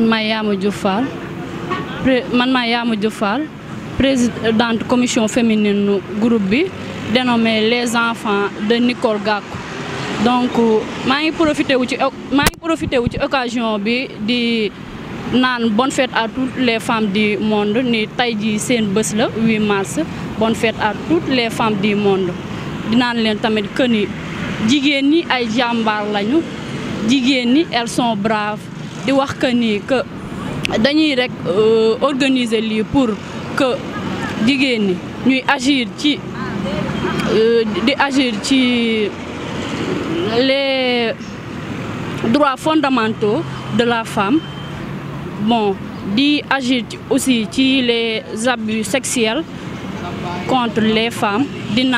man ma Yama commission féminine groupe bi dénommé les enfants de Nicole Gakou donc ci occasion bonne fête à toutes les femmes du monde ni 8 mars bonne fête à toutes les femmes du monde di que ni elles sont braves di wax que ni que dañuy rek euh, organiser pour que nous ni ñuy agir ci euh, di agir les droits fondamentaux de la femme bon di agir aussi ci les abus sexuels contre les femmes di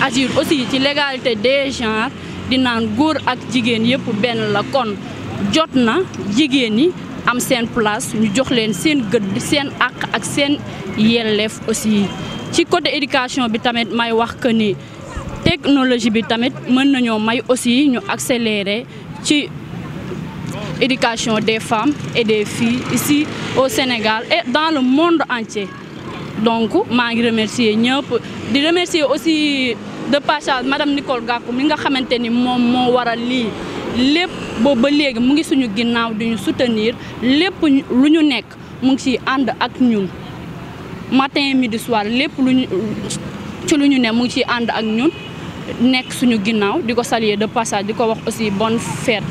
agir aussi ci l'égalité des genres di naan pour ak la kon Jotna jigéni am sen place ñu jox leen sen gëdd sen ak ak sen yellef aussi ci côté éducation bi tamit may wax que ni technologie bi tamit mën nañu may aussi ñu accélérer ci éducation des femmes et des filles ici au Sénégal et dans le monde entier donc ma ngi remercier ñëpp di remercier aussi de passage madame Nicole Gakou mi nga xamante ni moom moo waral li lépp boobu ba léegi mu ngi suñu ginnaaw di ñu lépp lu ñu nekk mu ngi ciy ànd ak ñun matin midi soir lépp lu ñu ci lu ñu nekk mu ngi ciy ànd ak ñun nekk suñu ginnaaw di ko saliyee de passage di ko wax aussi bonne fête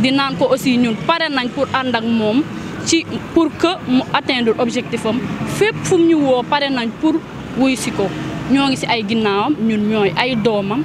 di naan ko aussi ñun pare nañ pour ànd ak moom ci pour que mu atteindre objectif am fépp fu ñu woo pare nañ pour wuy si ko ñoo ngi si ay ginnaawam ñun ñooy ay doomam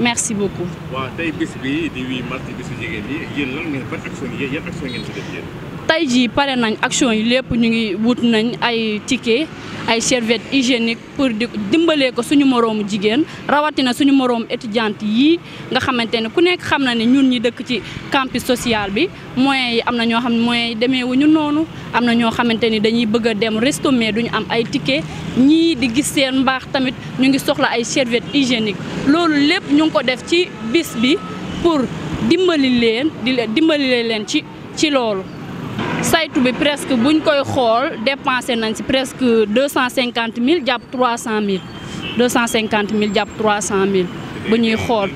merci beaucoup. waaw tey bis bi di 8 mars di bisu jigéen ñi yéen lan ngeen ban action yan action ngeen ci def yéen. tey jii pare nañ action yi lépp ñu ngi wut nañ ay ticket ay serviette hygiénique pour di dimbalee ko suñu moroomu jigéen rawatina suñu moroomu étudiante yii nga xamante ne ku nekk xam na ne ñun ñi dëkk ci campus sociale bi moyens yi am na ñoo xam ne moyens yi demeewuñu noonu am na ñoo xamante ni dañuy bëgg a dem resto mais duñu am ay ticket ñii di gis seen mbaax tamit ñu ngi soxla ay serviette hygiénique loolu lépp ñu ngi ko def ci bis bi pour dimbali leen di dimbali leen ci ci loolu saytu bi presque buñ koy xool dépensé nañ si presque deux cent cinquante mille jàpp trois cent mille deux cent cinquante mille jàpp trois cent mille bu ñuy xool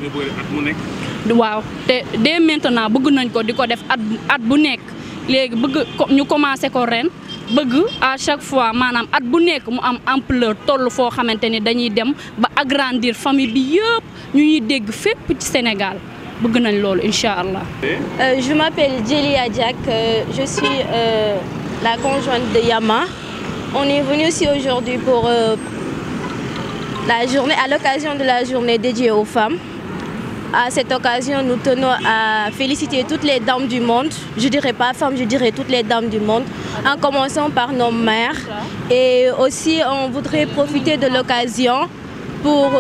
waaw te dès maintenant bëgg nañ ko di ko def at at bu nekk léegi bëgg ñu commencé ko ren bëgg à chaque fois maanaam at bu nekk mu am empleur toll foo xamante ni dañuy dem ba agrandir famille bi yëpp ñu ñuy dégg fépp ci Sénégal Euh, je m'appelle jelly Adjak, euh, je suis euh, la conjointe de Yama on est venu aussi aujourd'hui pour la journée à l'occasion de la journée dédiée aux femmes. À cette occasion, nous tenons à féliciter toutes les dames du monde, je ne dirais pas femmes, je dirais toutes les dames du monde, en commençant par nos mères. Et aussi, on voudrait profiter de l'occasion pour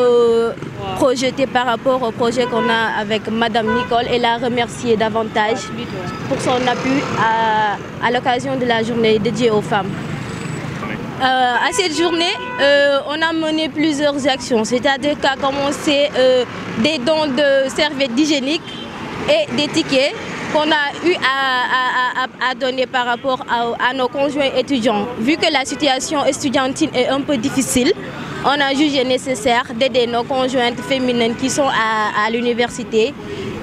projeté par rapport au projet qu'on a avec Madame Nicole et la remercier davantage pour son appui à, à l'occasion de la journée dédiée aux femmes. Euh, à cette journée, euh, on a mené plusieurs actions, c'est-à-dire qu'à commencer euh, des dons de serviettes hygiéniques et des tickets qu'on a eu à, donner par rapport à, à nos conjoints étudiants. Vu que la situation étudiantine est un peu difficile, on a jugé nécessaire d'aider nos conjointes féminines qui sont à, l'université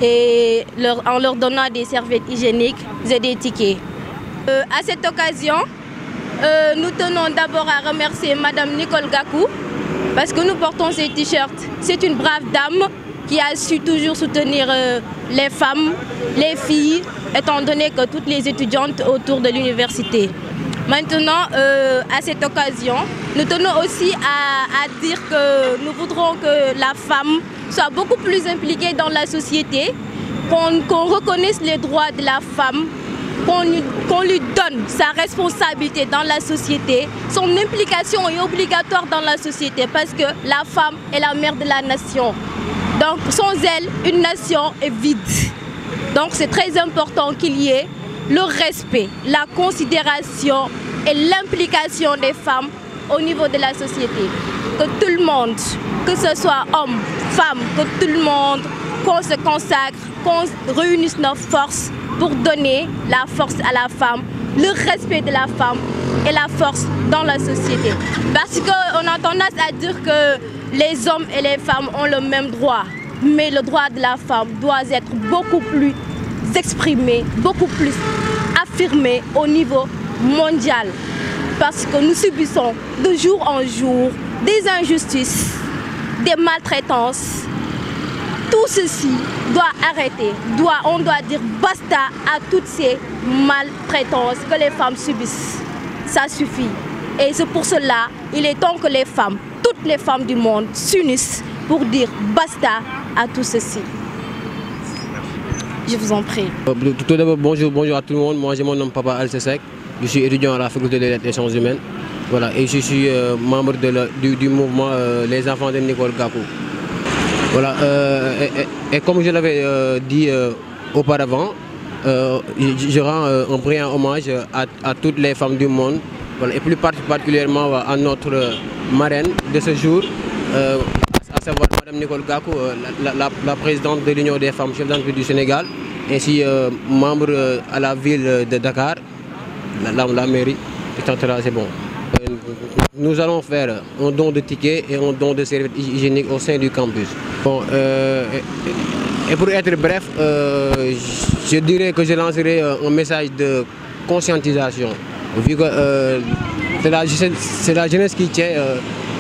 et en leur donnant des serviettes hygiéniques et des tickets. Euh, à cette occasion, euh, nous tenons d'abord à remercier Madame Nicole Gakou parce que nous portons ces t-shirts. C'est une brave dame qui a su toujours soutenir euh, les femmes, les filles, étant donné que toutes les étudiantes autour de l'université. Maintenant, euh, à cette occasion, nous tenons aussi à, dire que nous voudrons que la femme soit beaucoup plus impliquée dans la société, qu'on reconnaisse les droits de la femme, qu'on lui, donne sa responsabilité dans la société. Son implication est obligatoire dans la société parce que la femme est la mère de la nation. Donc sans elle, une nation est vide. Donc c'est très important qu'il y ait le respect, la considération et l'implication des femmes au niveau de la société. Que tout le monde, que ce soit homme, femme, que tout le monde, qu'on se consacre, qu'on réunisse nos forces pour donner la force à la femme, le respect de la femme et la force dans la société. Parce qu'on a tendance à dire que les hommes et les femmes ont le même droit, mais le droit de la femme doit être beaucoup plus s'exprimer beaucoup plus affirmer au niveau mondial. Parce que nous subissons de jour en jour des injustices, des maltraitances. Tout ceci doit arrêter. Doit, on doit dire basta à toutes ces maltraitances que les femmes subissent. Ça suffit. Et c'est pour cela, il est temps que les femmes, toutes les femmes du monde, s'unissent pour dire basta à tout ceci. Je vous en prie. Euh, tout d'abord, bonjour, bonjour à tout le monde. Moi, j'ai mon nom Papa Alcesec. Je suis étudiant à la faculté des lettres et sciences humaines. Voilà, et je suis euh, membre du, mouvement euh, Les Enfants de Nicole Gapou. Voilà, et, comme je l'avais dit auparavant, je, rends un brillant hommage à, toutes les femmes du monde, et plus particulièrement à notre marraine de ce jour, à Madame Nicole Gakou, euh, la, présidente de l'Union des femmes chefs d'entreprise du Sénégal, ainsi euh, membre euh, à la ville de Dakar, la, mairie, C'est bon. nous allons faire un don de tickets et un don de serviettes hygiéniques au sein du campus. et, pour être bref, je dirais que je lancerai un message de conscientisation, vu c'est la, jeunesse qui tient,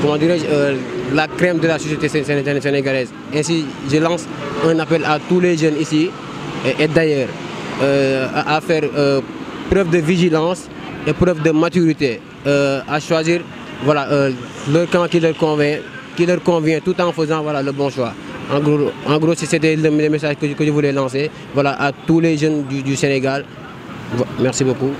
comment dirais-je, la crème de la société sénégalaise. Ainsi, je lance un appel à tous les jeunes ici et, d'ailleurs euh, à, faire euh, preuve de vigilance et preuve de maturité, euh, à choisir voilà, camp qui leur convient, qui leur convient tout en faisant voilà, le bon choix. En gros, c'était le, message que, je voulais lancer voilà, à tous les jeunes du Sénégal. Merci beaucoup.